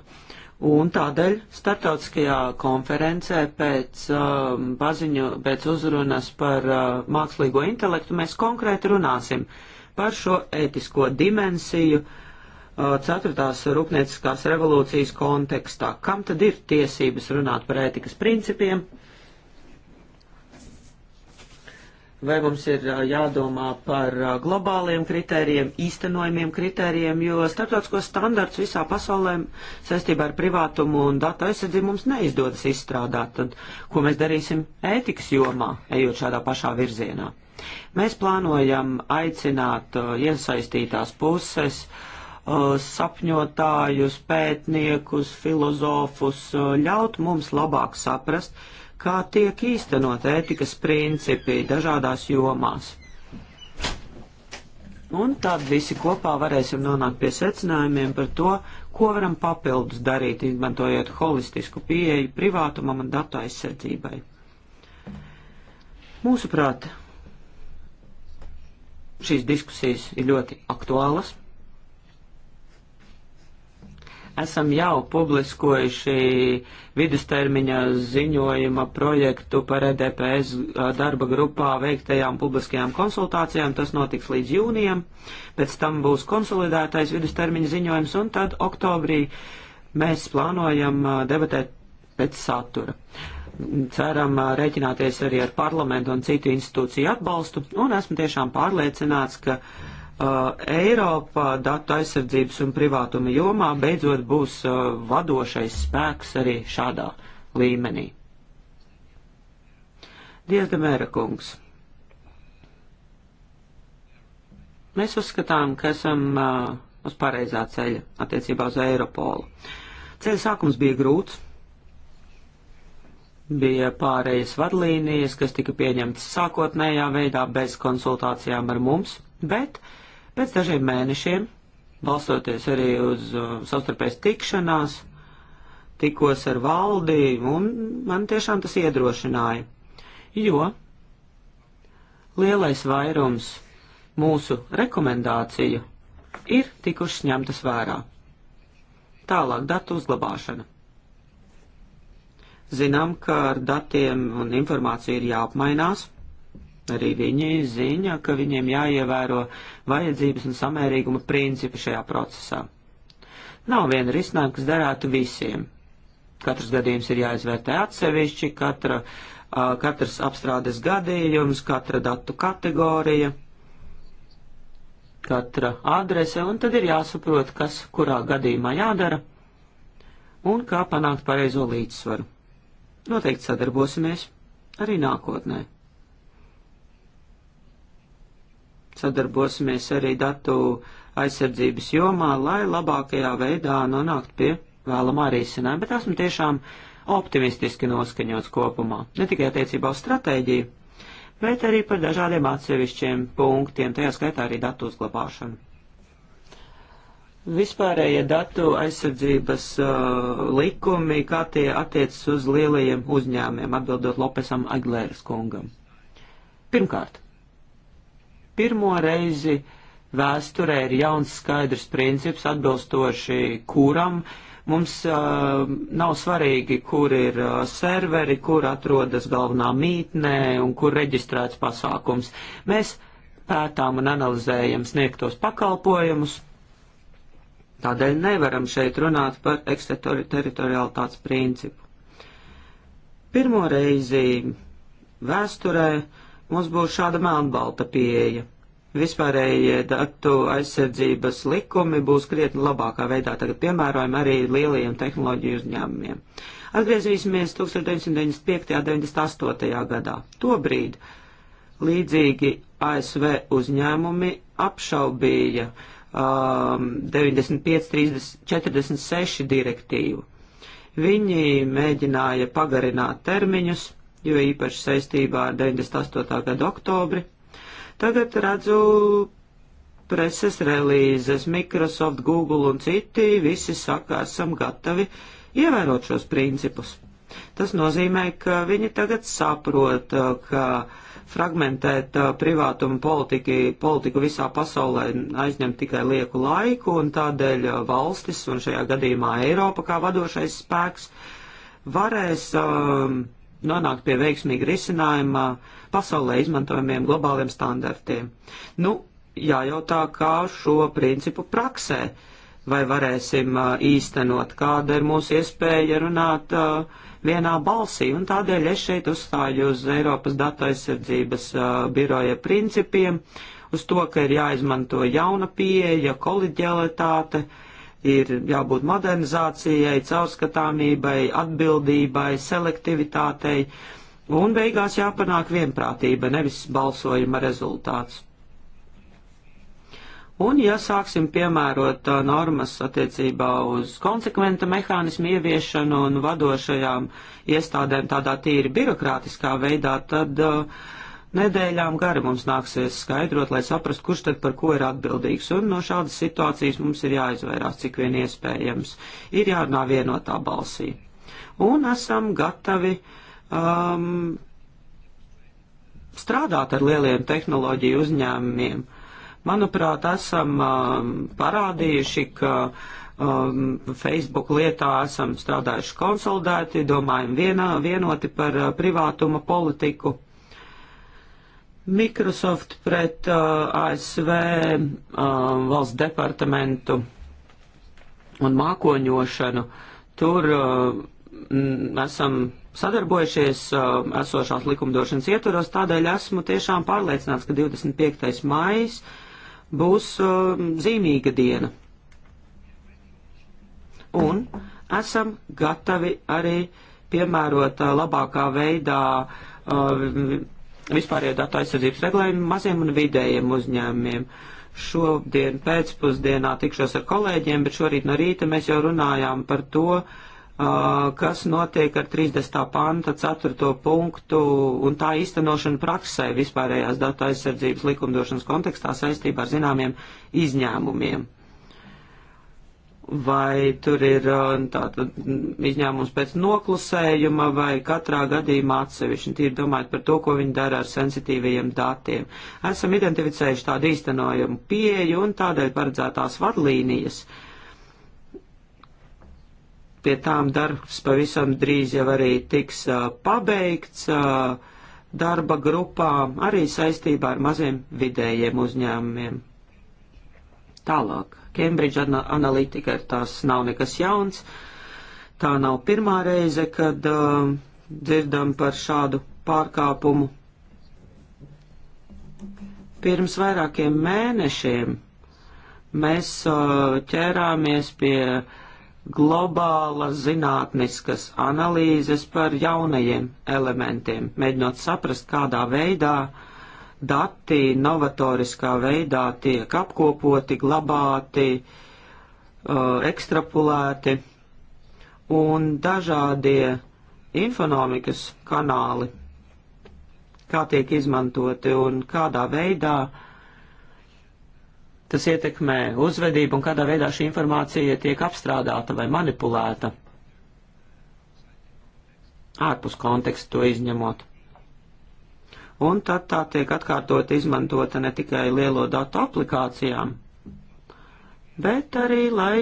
Un tādēļ startautiskajā konferencē pēc um, paziņu, pēc uzrunas par uh, mākslīgo intelektu mēs konkrēti runāsim par šo ētisko dimensiju uh, ceturtās uh, rūpnieciskās revolūcijas kontekstā. Kam tad ir tiesības runāt par ētikas principiem? Uh, vai mums ir jādomā par globāliem kritērijiem, īstenojumiem kritērijiem, jo starptautiskos standarts visā pasaulē saistībā ar privātumu un datu aizsardzību mums neizdodas izstrādāt. Tad, ko mēs darīsim ētikas jomā, ejot šādā pašā virzienā? Mēs plānojam aicināt iesaistītās puses, sapņotājus, pētniekus, filozofus, ļaut mums labāk saprast, kā tiek īstenot ētikas principi dažādās jomās. Un tad visi kopā varēsim nonākt pie secinājumiem par to, ko varam papildus darīt, izmantojot holistisku pieeju privātumam un datu aizsardzībai. Mūsuprāt, šīs diskusijas ir ļoti aktuālas Esam jau publiskojuši vidustermiņa ziņojuma projektu par EDPS darba grupā veiktajām publiskajām konsultācijām. Tas notiks līdz jūnijam, pēc tam būs konsolidētais vidustermiņa ziņojums un tad oktobrī mēs plānojam debatēt pēc satura ceram rēķināties arī ar parlamentu un citu institūciju atbalstu, un esmu tiešām pārliecināts, ka uh, Eiropā datu aizsardzības un privātuma jomā beidzot būs uh, vadošais spēks arī šādā līmenī. Diezgan mēra kungs. Mēs uzskatām, ka esam uh, uz pareizā ceļa attiecībā uz Eiropolu. Ceļa sākums bija grūts. Bija pārējas vadlīnijas, kas tika pieņemtas sākotnējā veidā bez konsultācijām ar mums, bet uh, Pēc dažiem mēnešiem, balstoties arī uz uh, savstarpējas tikšanās, tikos ar valdi, un man tiešām tas iedrošināja, jo lielais vairums mūsu rekomendāciju ir tikušas ņemtas vērā. Tālāk datu uzglabāšana. Zinām, ka ar datiem un informāciju ir jāapmainās Arī viņi ziņa, ka viņiem jāievēro vajadzības un samērīguma principi šajā procesā. Nav viena risinājuma, kas derētu visiem. Katrs gadījums ir jāizvērtē atsevišķi, katra, uh, katrs apstrādes gadījums, katra datu kategorija katra adrese, un tad ir jāsaprot, kas kurā gadījumā jādara un kā panākt pareizo līdzsvaru. Noteikti sadarbosimies arī nākotnē. Sadarbosimies arī datu aizsardzības jomā, lai labākajā veidā nonākt pie vēlamā risinājuma, bet esmu tiešām optimistiski noskaņots kopumā, ne tikai attiecībā uz stratēģiju, bet arī par dažādiem atsevišķiem punktiem, tajā skaitā arī datu uzglabāšanu. Vispārējie datu aizsardzības uh, likumi, kā tie attiecas uz lielajiem uzņēmiem, atbildot Lopesam Aglēras kungam. Pirmkārt, pirmo reizi vēsturē ir jauns skaidrs princips, atbilstoši kuram mums uh, nav svarīgi, kur ir uh, serveri, kur atrodas galvenā mītnē un kur reģistrēts pasākums. Mēs pētām un analizējam sniegtos pakalpojumus, tādēļ nevaram šeit runāt par eksteritorialitātes principu. Pirmo reizi vēsturē uh, mums būs šāda melnbalta pieeja. Vispārējie datu aizsardzības likumi būs krietni labākā veidā tagad piemērojami arī lielajiem tehnoloģiju uzņēmumiem. Atgriezīsimies 1995. un 98. gadā. Tobrīd līdzīgi ASV uzņēmumi apšaubīja um, 95, 30, 46 direktīvu. Viņi mēģināja pagarināt termiņus jo īpaši saistībā ar 98. gada oktobri. Tagad redzu preses relīzes, Microsoft, Google un citi visi saka, esam gatavi ievērot šos principus. Tas nozīmē, ka viņi tagad saprot, uh, ka fragmentēt uh, privātumu politiku, politiku visā pasaulē aizņem tikai lieku laiku, un tādēļ uh, valstis, un šajā gadījumā Eiropa kā vadošais spēks, varēs um, nonākt pie veiksmīga risinājuma pasaulē izmantojamiem globāliem standartiem. Nu, jājautā, kā šo principu praksē vai varēsim īstenot, kāda ir mūsu iespēja runāt vienā balsī. Un tādēļ es šeit uzstāju uz Eiropas datu aizsardzības biroja principiem, uz to, ka ir jāizmanto jauna pieeja, koliģialitāte. Ja ir jābūt modernizācijai, caurskatāmībai, atbildībai, selektivitātei un beigās jāpanāk vienprātība, nevis balsojuma rezultāts. Un, ja sāksim piemērot uh, normas attiecībā uz konsekventa mehānismu ieviešanu un vadošajām iestādēm tādā tīri birokrātiskā veidā, tad uh, Nedēļām gari mums nāksies skaidrot, lai saprastu, kurš tad par ko ir atbildīgs, un no šādas situācijas mums ir jāizvairās, cik vien iespējams. Ir jārunā vienotā balsī. Un esam gatavi um, strādāt ar lieliem tehnoloģiju uzņēmumiem. Manuprāt, esam um, parādījuši, ka um, Facebook lietā esam strādājuši konsolidēti, domājam vienā, vienoti par uh, privātuma politiku Microsoft pret uh, ASV uh, valsts departamentu un mākoņošanu. Tur uh, m, esam sadarbojušies uh, esošās likumdošanas ietvaros, tādēļ esmu tiešām pārliecināts, ka 25. maijs būs uh, zīmīga diena. Un esam gatavi arī piemērot uh, labākā veidā uh, vispārējo datu aizsardzības regulējumu maziem un vidējiem uzņēmumiem. Šodien pēcpusdienā tikšos ar kolēģiem, bet šorīt no rīta mēs jau runājām par to, kas notiek ar 30. panta 4. punktu un tā īstenošanu praksē vispārējās datu aizsardzības likumdošanas kontekstā saistībā ar zināmiem izņēmumiem vai tur ir uh, tātad izņēmums pēc noklusējuma, vai katrā gadījumā atsevišķi, tīri domājot par to, ko viņi dara ar sensitīviem datiem. Esam identificējuši tādu īstenojumu pieeju un tādēļ paredzētās vadlīnijas. Pie tām darbs pavisam drīz jau arī tiks uh, pabeigts uh, darba grupām, arī saistībā ar maziem vidējiem uzņēmumiem. Tālāk Cambridge Analytica ir tas nav nekas jauns. Tā nav pirmā reize, kad uh, dzirdam par šādu pārkāpumu. Pirms vairākiem mēnešiem mēs uh, ķērāmies pie globālas zinātniskas analīzes par jaunajiem elementiem, mēģinot saprast, kādā veidā uh, dati novatoriskā veidā tiek apkopoti, glabāti, uh, ekstrapolēti, un dažādie infonomikas kanāli, kā tiek izmantoti un kādā veidā tas ietekmē uzvedību un kādā veidā šī informācija tiek apstrādāta vai manipulēta ārpus kontekstu to izņemot un tad tā tiek atkārtot izmantota ne tikai lielo datu aplikācijām, bet arī, lai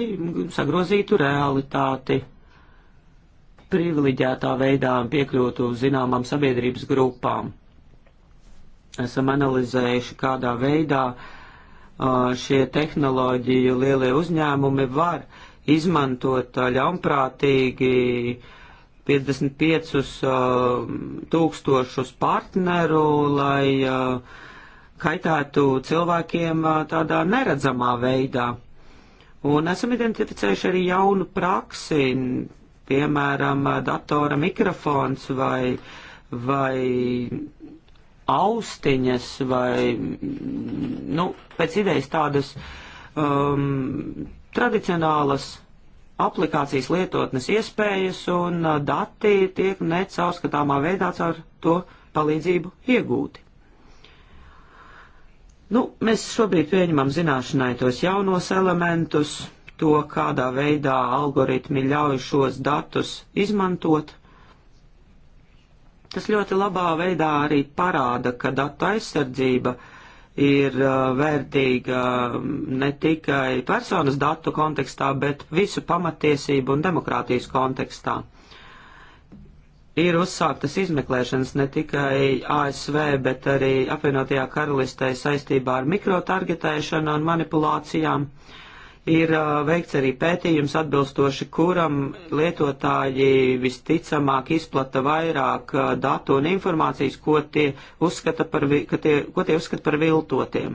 sagrozītu realitāti, privileģētā veidā piekļūtu zināmām sabiedrības grupām. Esam analizējuši, kādā veidā šie tehnoloģiju lielie uzņēmumi var izmantot ļaunprātīgi uh, 55 uh, tūkstošus partneru, lai uh, kaitētu cilvēkiem uh, tādā neredzamā veidā. Un esam identificējuši arī jaunu praksi, piemēram, uh, datora mikrofons vai, vai austiņas vai, nu, pēc idejas tādas um, tradicionālas aplikācijas lietotnes iespējas un dati tiek necaurskatāmā veidā caur to palīdzību iegūti. Nu, mēs šobrīd pieņemam zināšanai tos jaunos elementus, to, kādā veidā algoritmi ļauj šos datus izmantot. Tas ļoti labā veidā arī parāda, ka datu aizsardzība uh, ir uh, vērtīga um, ne tikai personas datu kontekstā, bet visu pamatiesību un demokrātijas kontekstā. Ir uzsāktas izmeklēšanas ne tikai ASV, bet arī apvienotajā karalistē saistībā ar mikrotargetēšanu un manipulācijām. Uh, Ir veikts arī pētījums atbilstoši, kuram lietotāji visticamāk izplata vairāk datu un informācijas, ko tie uzskata par, ka tie, ko tie uzskata par viltotiem,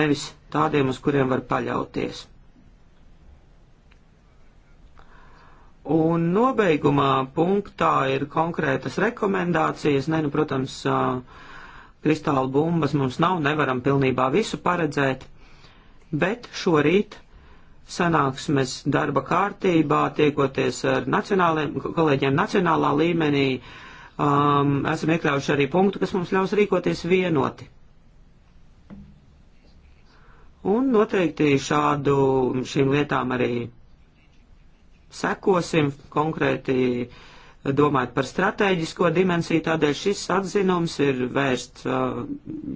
nevis tādiem, uz kuriem var paļauties. Un nobeigumā punktā ir konkrētas rekomendācijas. Ne, nu, protams, kristāla bumbas mums nav, nevaram pilnībā visu paredzēt bet šorīt sanāksmes darba kārtībā, tiekoties ar kolēģiem nacionālā līmenī, um, esam iekļaujuši arī punktu, kas mums ļaus rīkoties vienoti. Un noteikti šādu šīm lietām arī sekosim konkrēti domājot par strateģisko dimensiju, tādēļ šis atzinums ir vērsts uh,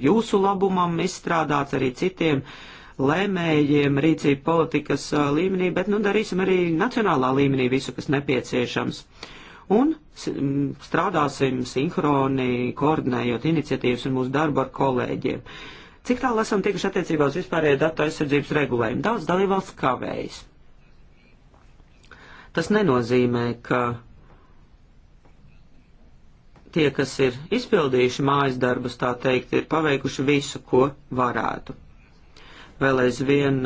jūsu labumam, izstrādāts arī citiem uh, lēmējiem rīcību politikas līmenī, bet nu, darīsim arī nacionālā līmenī visu, kas nepieciešams. Un strādāsim sinhroni, koordinējot iniciatīvas un mūsu darbu ar kolēģiem. Cik tālu esam tikuši attiecībā uz vispārējo datu aizsardzības regulējumu? Daudz dalībvalsts kavējas. Tas nenozīmē, ka tie, kas ir izpildījuši mājas darbus, tā teikt, ir paveikuši visu, ko varētu vēl aizvien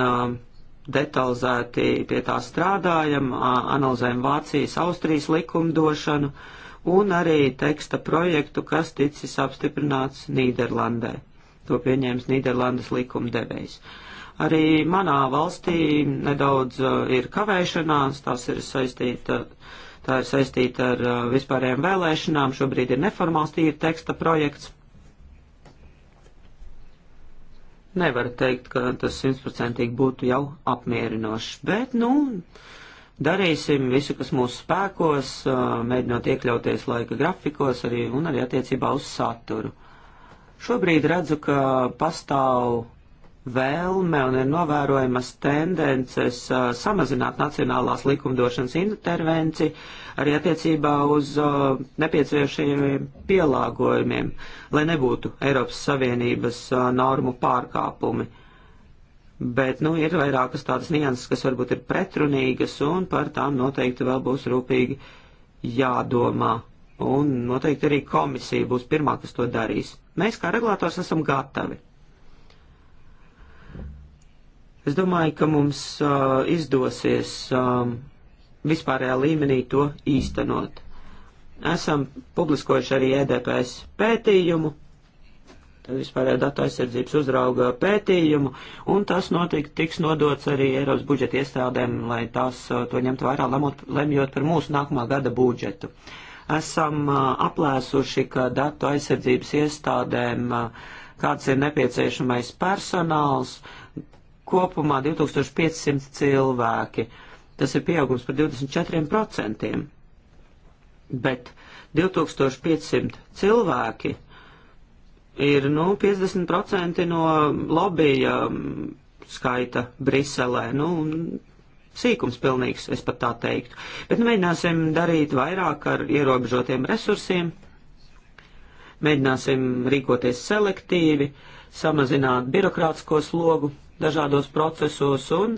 detalizēti pie tā strādājam, analizējam Vācijas, Austrijas likumdošanu un arī teksta projektu, kas ticis apstiprināts Nīderlandē. To pieņēmis Nīderlandes likumdevējs. Arī manā valstī nedaudz ir kavēšanās, tas ir saistīta, tā ir saistīta ar vispārējām vēlēšanām, šobrīd ir neformāls tīri teksta projekts. Nevar teikt, ka tas simtprocentīgi būtu jau apmierinošs, bet, nu, darīsim visu, kas mūsu spēkos, mēģinot iekļauties laika grafikos arī, un arī attiecībā uz saturu. Šobrīd redzu, ka pastāv vēlme un ir novērojamas tendences uh, samazināt nacionālās likumdošanas intervenci arī attiecībā uz uh, nepieciešamiem pielāgojumiem, lai nebūtu Eiropas Savienības uh, normu pārkāpumi. Bet, nu, ir vairākas tādas nianses, kas varbūt ir pretrunīgas, un par tām noteikti vēl būs rūpīgi jādomā. Un noteikti arī komisija būs pirmā, kas to darīs. Mēs kā regulators esam gatavi Es domāju, ka mums uh, izdosies um, vispārējā līmenī to īstenot. Esam publiskojuši arī EDPS pētījumu, vispārējā datu aizsardzības uzrauga pētījumu, un tas noteikti tiks nodots arī Eiropas budžeta iestādēm, lai tās to ņemtu vērā, lemot, lemjot par mūsu nākamā gada budžetu. Esam aplēsuši, ka datu aizsardzības iestādēm kāds ir nepieciešamais personāls, kopumā 2500 cilvēki. Tas ir pieaugums par 24%. Bet 2500 cilvēki ir nu, 50% no lobija mm, skaita Briselē. Nu, sīkums pilnīgs, es pat tā teiktu. Bet nu, mēģināsim darīt vairāk ar ierobežotiem resursiem, mēģināsim rīkoties selektīvi, samazināt birokrātisko slogu dažādos procesos un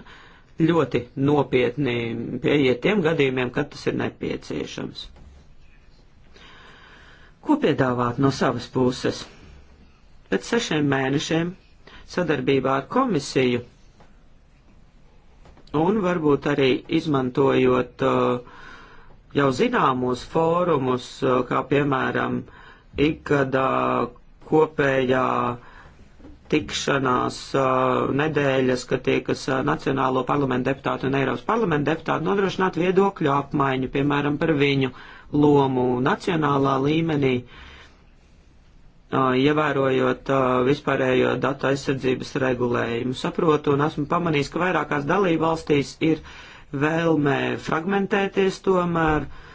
ļoti nopietni pieiet tiem gadījumiem, kad tas ir nepieciešams. Ko piedāvāt no savas puses? Pēc sešiem mēnešiem sadarbībā ar komisiju un varbūt arī izmantojot uh, jau zināmos fórumus, uh, kā piemēram ikgadā kopējā uh, tikšanās uh, nedēļas, kad tiekas uh, Nacionālo parlamentu deputātu un Eiropas parlamentu deputātu nodrošināt viedokļu apmaiņu, piemēram, par viņu lomu nacionālā līmenī, uh, ievērojot uh, vispārējo datu aizsardzības regulējumu. Saprotu un esmu pamanījis, ka vairākās dalībvalstīs ir vēlme fragmentēties tomēr. Uh,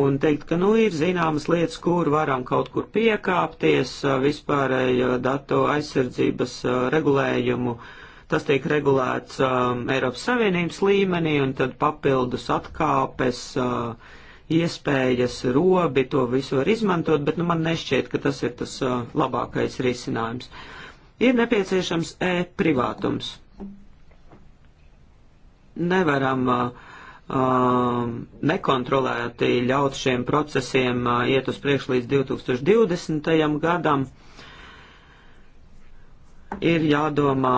un teikt, ka nu, ir zināmas lietas, kur varam kaut kur piekāpties vispārējo datu aizsardzības regulējumu. Tas tiek regulēts um, Eiropas Savienības līmenī, un tad papildus atkāpes, uh, iespējas, robi, to visu var izmantot, bet nu, man nešķiet, ka tas ir tas uh, labākais risinājums. Ir nepieciešams e-privātums. Nevaram uh, Um, nekontrolēti ļaut šiem procesiem uh, iet uz priekšu līdz 2020. gadam ir jādomā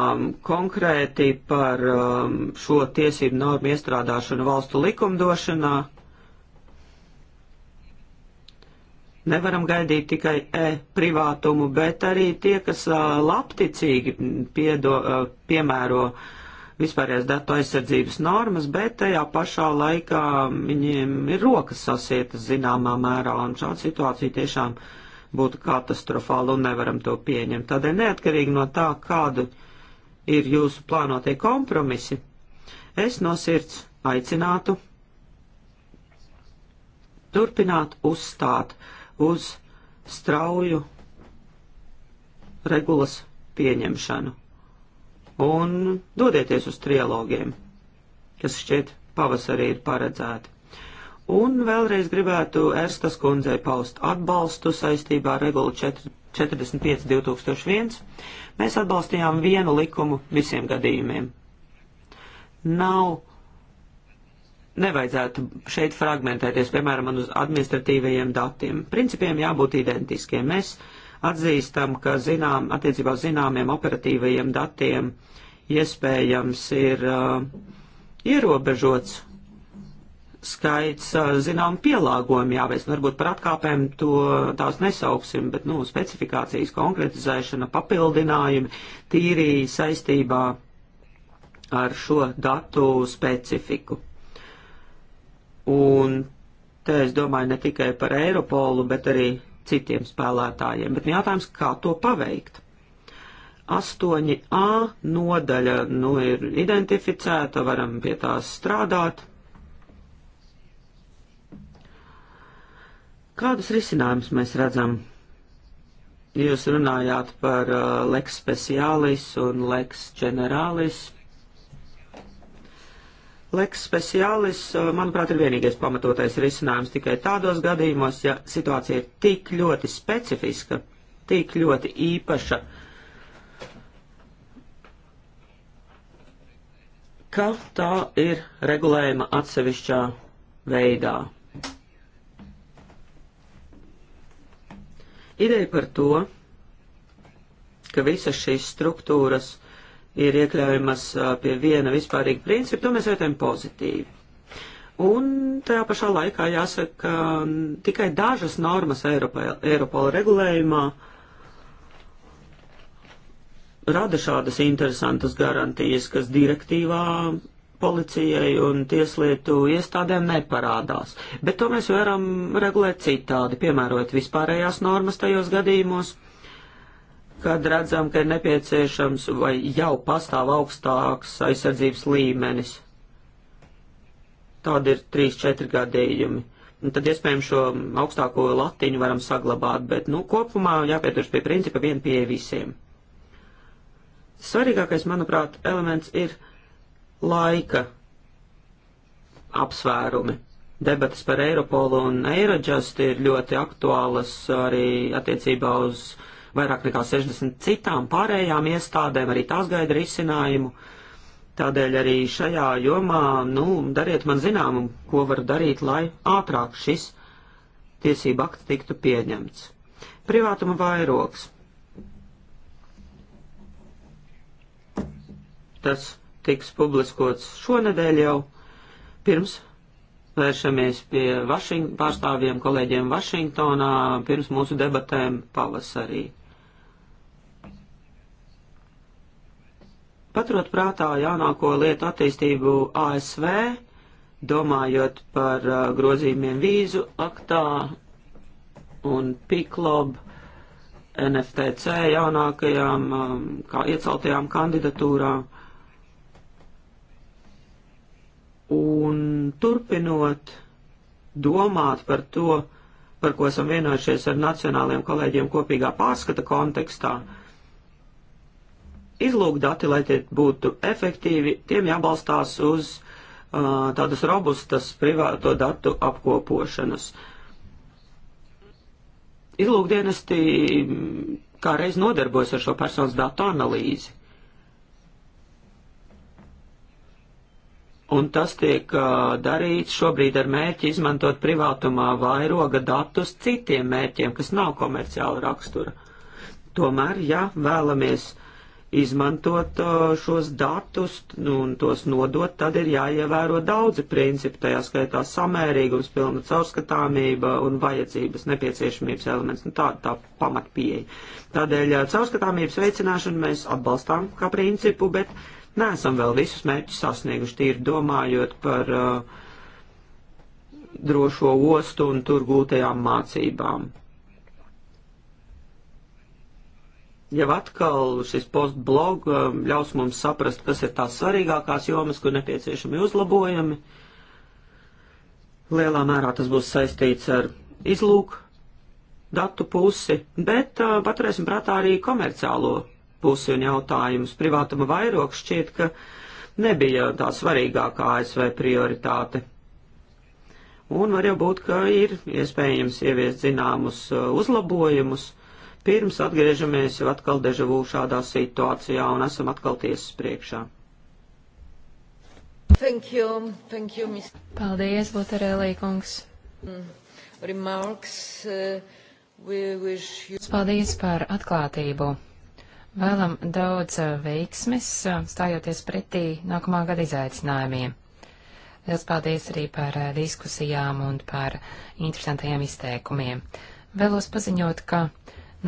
konkrēti par um, šo tiesību normu iestrādāšanu valstu likumdošanā. Nevaram gaidīt tikai e-privātumu, bet arī tie, kas uh, labticīgi piedo, uh, piemēro uh, vispārējās datu aizsardzības normas, bet tajā pašā laikā viņiem ir rokas sasietas zināmā mērā, un šāda situācija tiešām būtu katastrofāla un nevaram to pieņemt. Tādēļ neatkarīgi no tā, kādu ir jūsu plānotie kompromisi, es no sirds aicinātu turpināt uzstāt uz strauju regulas pieņemšanu un dodieties uz trialogiem, kas šķiet pavasarī ir paredzēti. Un vēlreiz gribētu Erstas kundzei paust atbalstu saistībā ar regulu 45.2001. Mēs atbalstījām vienu likumu visiem gadījumiem. Nav, nevajadzētu šeit fragmentēties, piemēram, uz administratīvajiem datiem. Principiem jābūt identiskiem. Mēs atzīstam, ka zinām, attiecībā uz zināmiem operatīvajiem datiem uh, iespējams ir uh, ierobežots skaits, uh, zinām, pielāgojumi jāveic. Nu, varbūt par atkāpēm to tās nesauksim, bet, nu, specifikācijas konkretizēšana, papildinājumi tīrī saistībā ar šo datu specifiku. Un te es domāju ne tikai par Eiropolu, bet arī citiem spēlētājiem. Bet nu, jautājums, kā to paveikt? 8a nodaļa nu, ir identificēta, varam pie tās strādāt. Kādus risinājumus mēs redzam? Jūs runājāt par uh, leks speciālis un leks ģenerālis. Leks speciālis, uh, manuprāt, ir vienīgais pamatotais risinājums tikai tādos gadījumos, ja situācija ir tik ļoti specifiska, tik ļoti īpaša, uh, ka tā ir regulējama atsevišķā veidā. Ideja par to, ka visas šīs struktūras ir iekļaujamas pie viena vispārīga principa, to mēs vērtējam pozitīvi. Un tajā pašā laikā jāsaka, ka tikai dažas normas Eiropola regulējumā uh, rada šādas interesantas garantijas, kas direktīvā policijai un tieslietu iestādēm neparādās. Bet to mēs varam regulēt citādi, piemērot vispārējās normas tajos gadījumos, kad redzam, ka ir nepieciešams vai jau pastāv augstāks aizsardzības līmenis. Tādi ir 3-4 gadījumi. Un tad iespējams šo augstāko latiņu varam saglabāt, bet, nu, kopumā jāpieturš pie principa vien pie visiem. Svarīgākais, manuprāt, elements ir laika apsvērumi. Debates par Eiropolu un Eirojust ir ļoti aktuālas arī attiecībā uz vairāk nekā 60 citām pārējām iestādēm, arī tās gaida risinājumu. Tādēļ arī šajā jomā, nu, dariet man zināmu, ko var darīt, lai ātrāk šis tiesība akts tiktu pieņemts. Privātuma vairoks. tas tiks publiskots šonadēļ jau pirms vēršamies pie Vašing pārstāvjiem, kolēģiem Vašingtonā pirms mūsu debatēm pavasarī. Paturot prātā jaunāko lietu attīstību ASV, domājot par uh, grozījumiem vīzu aktā un PICLOB, NFTC jaunākajām um, kā ieceltajām kandidatūrām Un turpinot domāt par to, par ko esam vienojušies ar nacionāliem kolēģiem kopīgā pārskata kontekstā, izlūkdati, lai tie būtu efektīvi, tiem jābalstās uz uh, tādas robustas privāto datu apkopošanas. Izlūkdienesti kā reiz nodarbojas ar šo personas datu analīzi. un tas tiek uh, darīts šobrīd ar mērķi izmantot privātumā vairoga datus citiem mērķiem, kas nav komerciāla rakstura. Tomēr, ja vēlamies izmantot uh, šos datus nu, un tos nodot, tad ir jāievēro daudzi principi, tajā skaitā samērīgums, pilna caurskatāmība un vajadzības nepieciešamības elements, nu tāda tā pamatpieeja. Tādēļ uh, caurskatāmības veicināšanu mēs atbalstām kā principu, bet uh, neesam vēl visus mērķus sasnieguši, tīri domājot par uh, drošo ostu un tur gūtajām mācībām. Jau atkal šis postblog um, ļaus mums saprast, kas ir tās svarīgākās jomas, kur nepieciešami uzlabojumi. Lielā mērā tas būs saistīts ar izlūku datu pusi, bet uh, paturēsim prātā arī komerciālo pusi un jautājumus. Privātuma vairogs šķiet, ka nebija tā svarīgākā ASV prioritāte. Un var jau būt, ka ir iespējams ieviest zināmus uh, uzlabojumus, pirms atgriežamies jau atkal dežavū šādā situācijā un esam atkal tiesas priekšā. Thank you, thank you, Ms. Paldies, Butarēlī kungs. Mm. Remarks, uh, we wish you... Paldies par atklātību. Vēlam daudz eh, veiksmes, eh, stājoties pretī nākamā gada izaicinājumiem. Liels paldies arī par eh, diskusijām un par interesantajiem izteikumiem. Vēlos paziņot, ka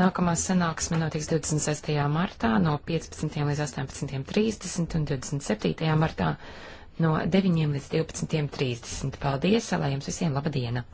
Nākamā sanāksme notiks 26. martā no 15. līdz 18.30 un 27. martā no 9. līdz 12.30. Paldies, lai jums visiem laba diena!